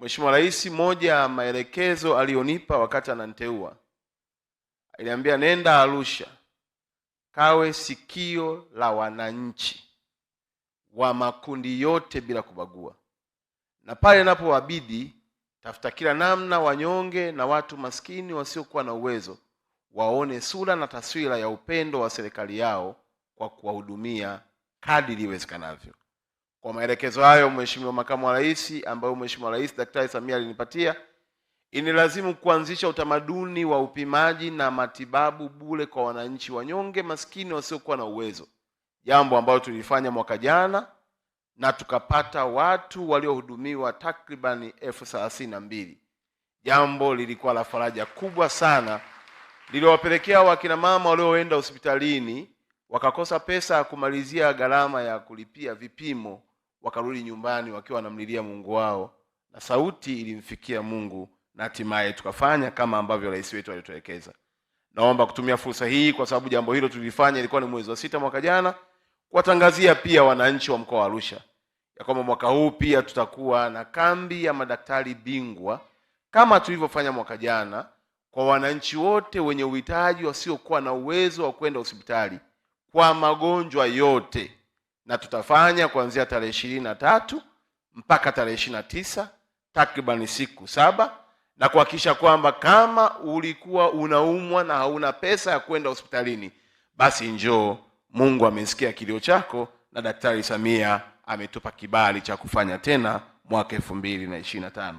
Mheshimiwa Rais, moja ya maelekezo aliyonipa wakati ananteua aliambia nenda Arusha kawe sikio la wananchi wa makundi yote bila kubagua, na pale inapowabidi tafuta kila namna wanyonge na watu maskini wasiokuwa na uwezo waone sura na taswira ya upendo wa serikali yao kwa kuwahudumia kadiri iwezekanavyo. Kwa maelekezo hayo, Mheshimiwa Makamu wa Rais, ambayo Mheshimiwa Rais Daktari Samia alinipatia, inilazimu kuanzisha utamaduni wa upimaji na matibabu bure kwa wananchi wanyonge maskini wasiokuwa na uwezo, jambo ambalo tulifanya mwaka jana na tukapata watu waliohudumiwa takribani elfu thelathini na mbili. Jambo lilikuwa la faraja kubwa sana, liliwapelekea wakina mama walioenda hospitalini wakakosa pesa ya kumalizia gharama ya kulipia vipimo wakarudi nyumbani wakiwa wanamlilia Mungu wao, na sauti ilimfikia Mungu na hatimaye tukafanya kama ambavyo rais wetu alituelekeza. Naomba kutumia fursa hii kwa sababu jambo hilo tulilifanya, ilikuwa ni mwezi wa sita mwaka jana, kuwatangazia pia wananchi wa mkoa wa Arusha ya kwamba mwaka huu pia tutakuwa na kambi ya madaktari bingwa kama tulivyofanya mwaka jana kwa wananchi wote wenye uhitaji wasiokuwa na uwezo wa kwenda hospitali kwa magonjwa yote na tutafanya kuanzia tarehe ishirini na tatu mpaka tarehe ishirini na tisa takribani siku saba na kuhakikisha kwamba kama ulikuwa unaumwa na hauna pesa ya kwenda hospitalini, basi njoo. Mungu amesikia kilio chako na Daktari Samia ametupa kibali cha kufanya tena mwaka elfu mbili na ishirini na tano.